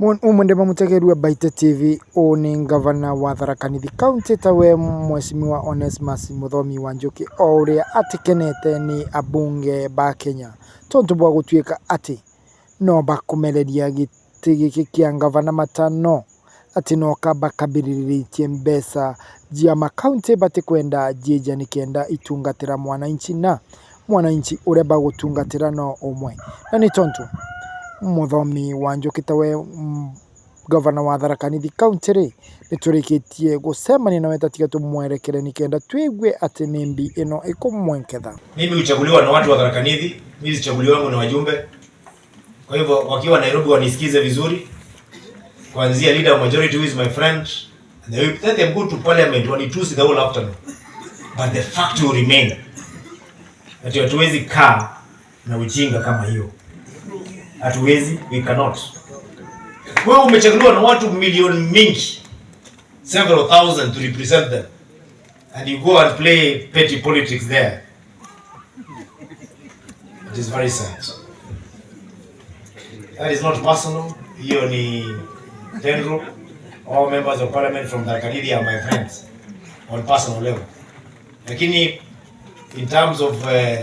umwende mamutegeri wa Baite TV uu ni ngavana wa Tharaka Nithi kaunti tawe mwesimiwa Onesmus Muthomi wa Njuki o uria atikenete ni abunge ba Kenya tondu bwa gutuika ati no bakumereria giti giki kia ngavana matano ati noka bakabiriritie mbeca jia makaunti batikwenda jija nikenda itungatira mwananchi na mwananchi uria bagutungatira no umwe na ni tondu muthomi Wanjoki tawe mm, gavana wa Tharaka Nithi kaunti ri ni turikitie gucemania nawe tatiga tumwerekere ni kenda twigue ati ni mbi ino ikumwenketha. Mimi uchaguliwa na watu wa Tharaka Nithi, mimi sichaguliwa wangu na wajumbe. Kwa hivyo wakiwa Nairobi wanisikize vizuri, kuanzia leader majority who is my friend and they let they go to parliament when wanitusi the whole afternoon but the fact will remain that you are hatuwezi kaa na ujinga kama hiyo hatuwezi, we cannot. Wewe umechaguliwa na watu milioni mingi, several thousand to represent them and you go and play petty politics there. It is very sad. That is not personal. Hiyo ni general all members of parliament from Tharaka Nithi are my friends on personal level, lakini in terms of uh,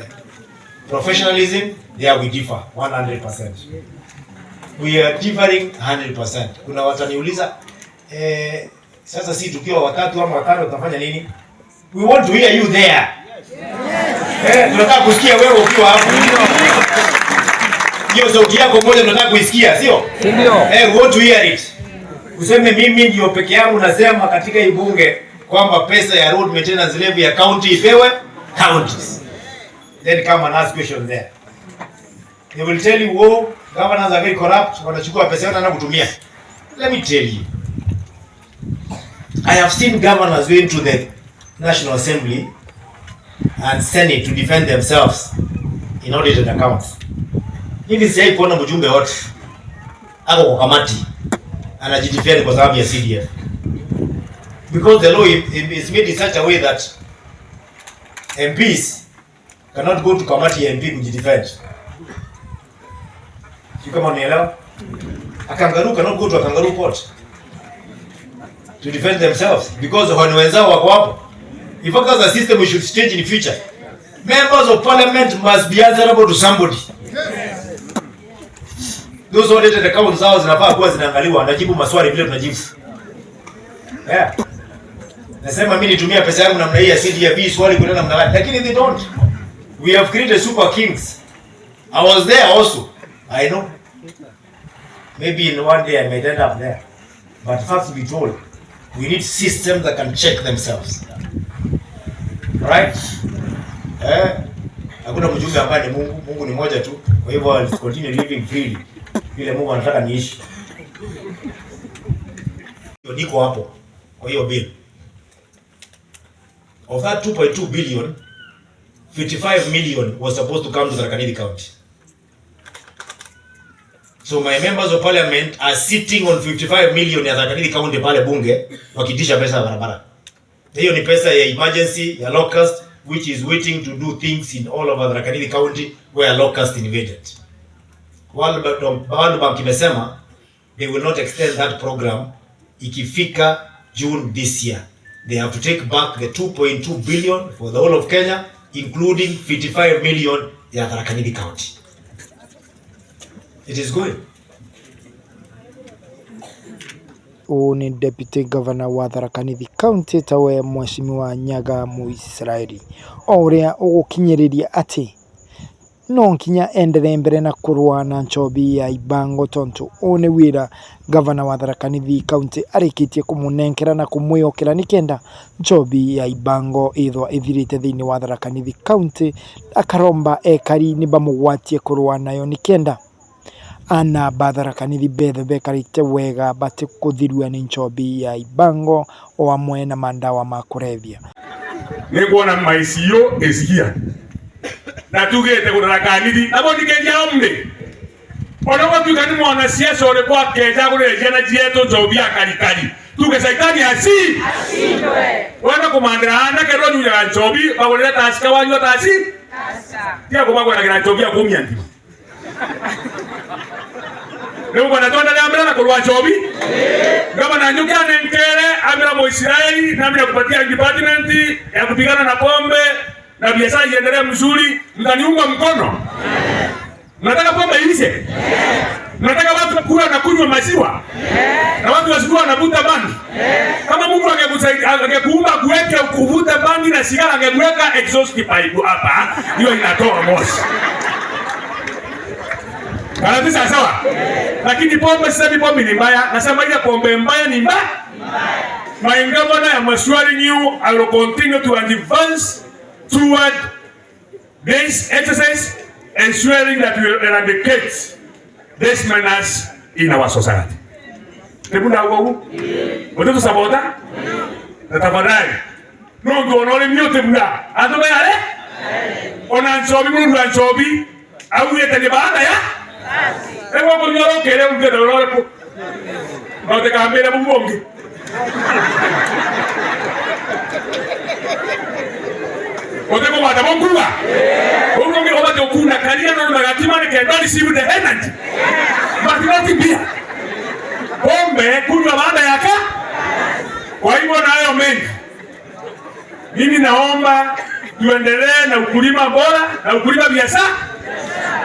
professionalism There we differ 100%. We are differing 100%. Kuna watu wataniuliza eh, sasa si tukiwa watatu ama watano tutafanya nini? We want to hear you there. Yes. Eh, tunataka kusikia wewe ukiwa hapo. Hiyo sauti yako moja tunataka kuisikia, sio? Ndio. Eh, we want to hear it. Useme mimi ndio peke yangu nasema katika ibunge kwamba pesa ya road maintenance levy ya county ipewe counties. Then come and ask question there. They will tell you, oh, governors are very corrupt, wanachukua pesa yao na kutumia. Let me tell you. I have seen governors going to the National Assembly and Senate to defend themselves in audited accounts. Hili sijai kuona mjumbe wote ako kwa kamati anajidefend kwa sababu ya CDF. Because the law is made in such a way that MPs cannot go to kamati MP to defend. Sijui kama unielewa. Akangaruka not good akangaruka what? To defend themselves because when wenzao wako hapo. If fact as a system we should change in the future. Members of parliament must be answerable to somebody. Those audited accounts zao zinafaa kuwa zinaangaliwa, anajibu maswali vile tunajibu. Yeah. Nasema mimi nitumia pesa yangu namna hii ya CDB swali kuna namna gani? Lakini they don't. We have created super kings. I was there also. I know. Maybe in one day I might end up there. But first to be told, we need systems that can check themselves. Right? Eh? Hakuna mjumbe ambaye ni Mungu, Mungu ni moja tu. Kwa hivyo I'll continue living freely. Vile Mungu anataka niishi. Niko hapo. Kwa hiyo bill. Of that 2.2 billion, 55 million was supposed to come to Tharaka Nithi County. So my members of parliament are sitting on 55 million ya Tharaka County pale bunge wakitisha pesa ya barabara. Hiyo ni pesa ya emergency ya locust which is waiting to do things in all over Tharaka County where locust invaded. World Bank imesema they will not extend that program ikifika June this year. They have to take back the 2.2 billion for the whole of Kenya including 55 million ya Tharaka County. It is good. Huu ni deputy governor wa Tharaka Nithi county tawe mwashimiwa Nyaga Muisraeli o uria ugukinyiriria ati no nginya endere mbere na kurwa na nchobi ya ibango tontu uu ni wira gavana wa Tharaka Nithi county arikitie kumunengera na kumwiyokera nikenda nchobi ya ibango ithwa ithirite thiini wa Tharaka Nithi county akaromba ekari ni bamugwatie kurwa nayo nikenda ana anabatharakanirie bethe bekarĩte wega batĩ kũthirua nĩ njobi ya Ibango o amwe na mandawa ma kũrebia nikuona maisio esikia na te tugite gurora kanithi na bonikeria omni ona gwatuika ni mwana siasa uriku akeja gurira ciana cietu njobi ya karikari tuge saitani asi ashindwe wenda kumandira anake rwo nyunyaga njobi bagurire tasika wanyu atasi tira kumagweragira njobi akumia ntima nigukona tondanambira na kulwa chobi gavana Nyugana Nkele amira muisraeli namira kupatia department ya kupigana na pombe na biashara iendelee mzuri. Mtaniunga mkono? Nataka pombe iishe, nataka watu kula na kunywa maziwa na watu wasikuwa wanavuta bangi. Kama Mungu angekusaidia angekuumba kuweke kuvuta bangi na sigara, angemweka exhaust pipe hapa, hiyo inatoa moshi Wanapi sawa Lakini pombe sasa pombe ni mbaya. Nasema ile pombe mbaya ni mbaya. My governor ya maswali new I will continue to advance toward this exercise ensuring that we eradicate this menace in our society. Hebu ndio huko. Watoto sabota? Na tafadhali. Mungu onole mnyote mna. Atoba yale? Onansobi Mungu ansobi. Au yete baada ya? ewa ko nyoro kere mbe do lore ko ba te ka na bu ote ko mata bonguwa bongo ngi oba to kuna kalia no na gatima ne ke dali sibu de henanti matinati bia pombe kunywa baada yaka kwa hivyo nayo mengi mimi naomba tuendelee na ukulima bora na ukulima biasa